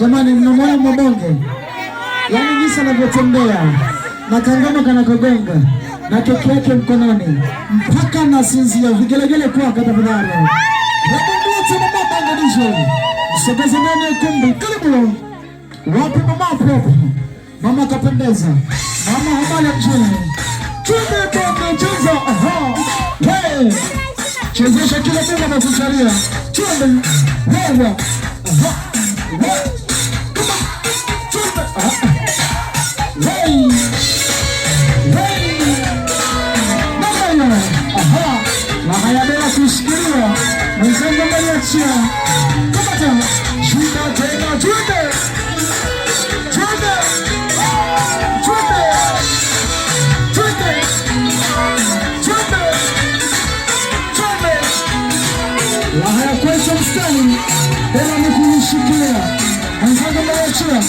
Jamani, mnamwona Mwabonge yaani jinsi anavyotembea na kangoma kanakogonga na keki yake mkononi mpaka nasinzia vigelegele kwakatavudaro aaatanamabanganisho msogeze ndani ya ukumbi karibu wapi mama popo mama kapendeza mama habari mjini cheza chezesha kila mtu anakusalia chumbe wewe ustawi, hela ni kuishikilia. Mwenzangu shika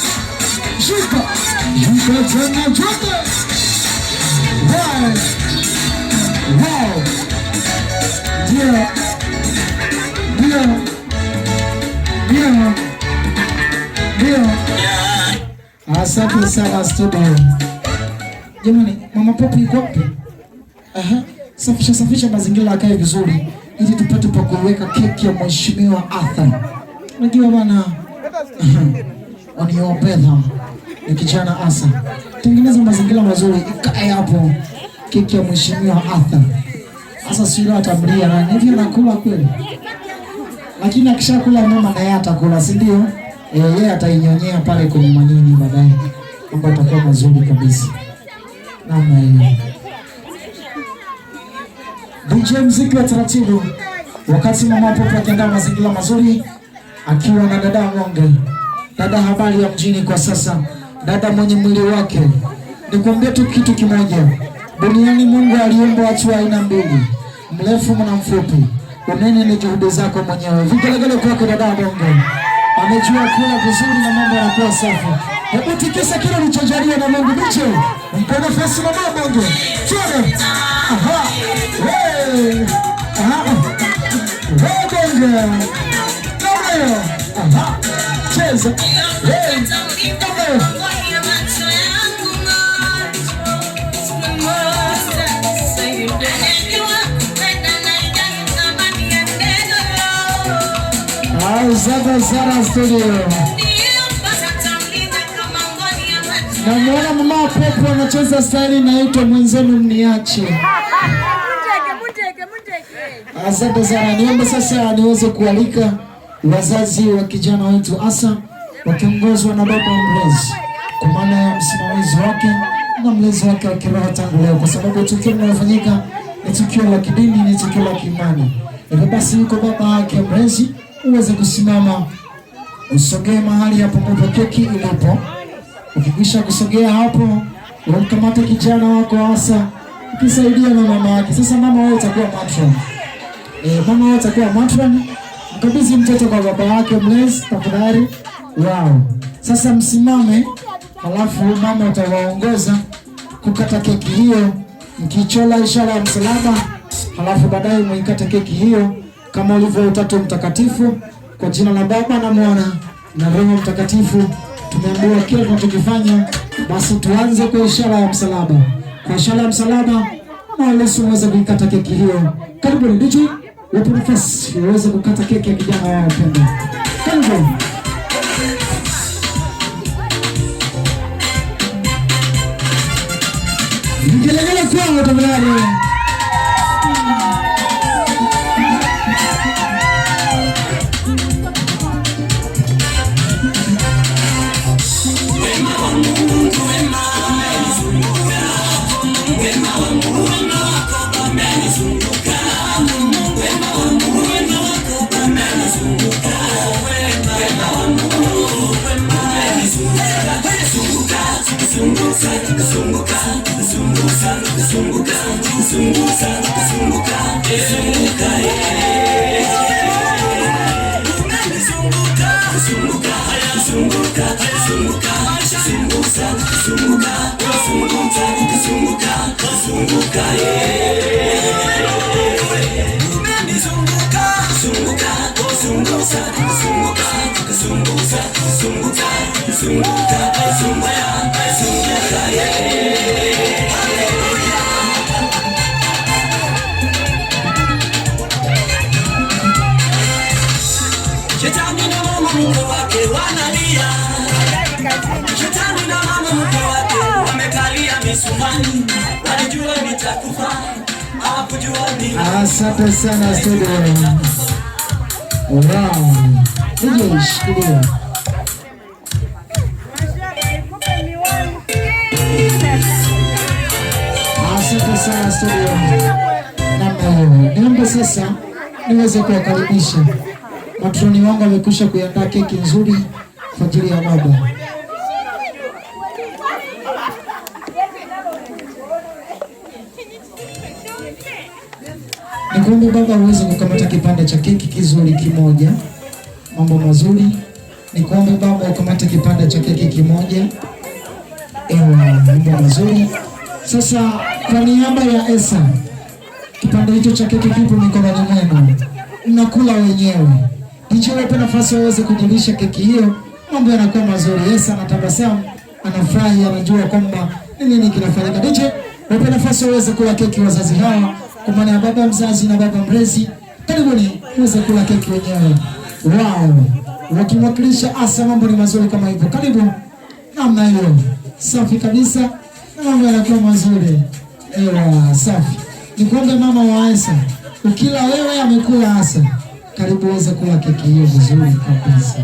shika tena, twende wow, ndio ndio ndio ndio. Asante sana studio jamani. Mama Popi iko wapi? Aha, safisha safisha mazingira akae vizuri ili tupate pa kuweka keki ya mheshimiwa Arthur. Unajua bwana, waniopedha ni kijana Asa, tengeneza mazingira mazuri, ikae hapo keki ya mheshimiwa Arthur. Sasa sio atamlia nani hivi, anakula kweli, lakini akishakula mama naye atakula, si ndio? Eh, yeye atainyonyea pale kwenye manini baadaye, mambo atakuwa mazuri kabisa namna hiyo nje mziki wa taratibu, wakati mama Popo akiandaa mazingira mazuri akiwa na dada Monge. Dada habari ya mjini kwa sasa, dada mwenye mwili wake. Nikwambie tu kitu kimoja, duniani Mungu aliumba watu wa aina mbili, mrefu na mfupi. Unene ni juhudi zako mwenyewe. Vigelegele kwako dada Monge, amejua kula vizuri na mambo yanakuwa safi. Hebu tikisa kile ulichojaliwa na Mungu bicho. Mpe nafasi mama bongo. Chora. Aha. Hey. Aha. Hey bongo. Ndio. Aha. Cheza. Hey. Ndio. Zara Zara Studio. Namuona mama Popo anacheza staili naitwa mwenzenu mniache. Asante sana, niombe sasa niweze kualika wazazi wa kijana wetu hasa wakiongozwa na baba mlezi, kwa maana ya msimamizi wake na mlezi wake wa kiroho tangu leo, kwa sababu tukio linalofanyika ni tukio la kidini, ni tukio la kiimani. Hivyo basi, yuko baba yake mlezi, uweze kusimama usogee mahali hapo ambapo keki ilipo. Ukikwisha kusogea hapo, umkamate kijana wako hasa, ukisaidia na mama yake. Sasa mama wewe utakuwa matron. Eh, mama wewe utakuwa matron, mkabidhi mtoto kwa baba yake mlezi tafadhali. Wow. Sasa msimame, halafu mama utawaongoza kukata keki hiyo, mkichola ishara ya msalaba, halafu baadaye muikate keki hiyo kama ulivyo Utatu Mtakatifu, kwa jina la Baba na Mwana na Roho Mtakatifu tumeambiwa kile tunachokifanya basi tuanze kwa ishara ya msalaba. Kwa ishara ya msalaba na Yesu uweze kuikata keki hiyo. Karibu ni DJ, nafasi uweze kukata keki ya kijana wao pendwa. Karibu. Vigelegele kwao tafadhali. zunguka zunguka zunguka zunguka zunguka zunguka zunguka zunguka zunguka zunguka zunguka zunguka zunguka zunguka mke wake wanalia, shetani na mama mke wake wamekalia misumani, alijua nitakufa, hakujua ni. Asante sana studio. Wow. sasa niweze kuwakaribisha Matroni wangu wamekwisha kuiandaa keki nzuri kwa ajili ya baba. Nikuombe baba, uweze kukamata kipande cha keki kizuri kimoja, mambo mazuri. Nikuombe baba, ukamate kipande cha keki kimoja, ewa mambo mazuri. Sasa kwa niaba ya Esa, kipande hicho cha keki kipo mikononi mwenu, mnakula wenyewe. DJ wape nafasi waweze kujilisha keki hiyo, mambo yanakuwa mazuri. Yes, anatabasamu, anafurahi, anajua kwamba ni nini kinafanyika. DJ wape nafasi waweze kula keki wazazi hawa, kwa maana ya baba mzazi na baba mlezi. Karibuni uweze kula keki wenyewe, wow, wakimwakilisha Asa. Mambo ni mazuri kama hivyo, karibu namna hiyo, safi kabisa, mambo yanakuwa mazuri. Ewa, safi. Nikwambie mama wa Asa, ukila wewe amekula Asa karibu uweze kuwa keki hiyo vizuri kabisa.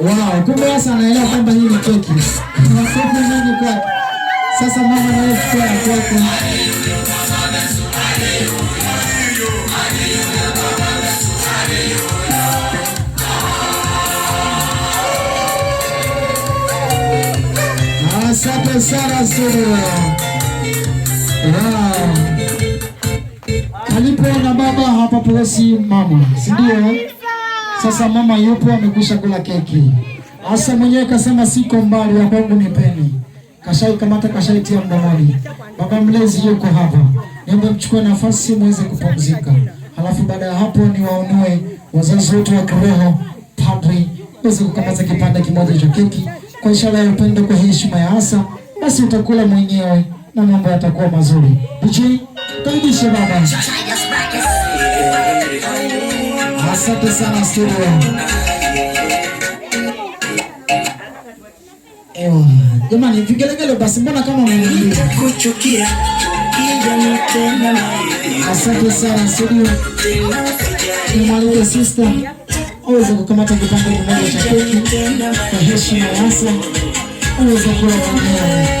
Wow, kumbe sasa anaelewa kwamba hii ni keki. Sasa mama anaweza kwako. Asante sana studio. na baba hapaposi mama, si ndio? Sasa mama yupo amekwisha kula keki. Asa mwenyewe kasema siko mbali ya kwangu nipeni. Kashai kamata tia mdomoni. Baba mlezi yuko hapa. Niombe mchukue nafasi muweze kupumzika. Halafu baada ya hapo ni waonue wazazi wote wa kiroho padri, uweze kukamata kipande kimoja cha keki kwa ishara ya upendo kwa heshima ya Asa basi utakula mwenyewe na mambo yatakuwa mazuri. Pichi, karibishe baba. Asante sana studio. Ewa, jamani vigelegele basi mbona kama mwenyewe. Kuchukia. Asante sana studio. Nimwalike sister. Uweze kukamata kipande kimoja cha keki. Kwa heshima hasa. Uweze kula mwenyewe.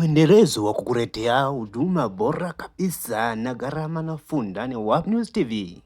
mwendelezo wa kukuletea huduma bora kabisa na gharama nafuu ndani ya News TV.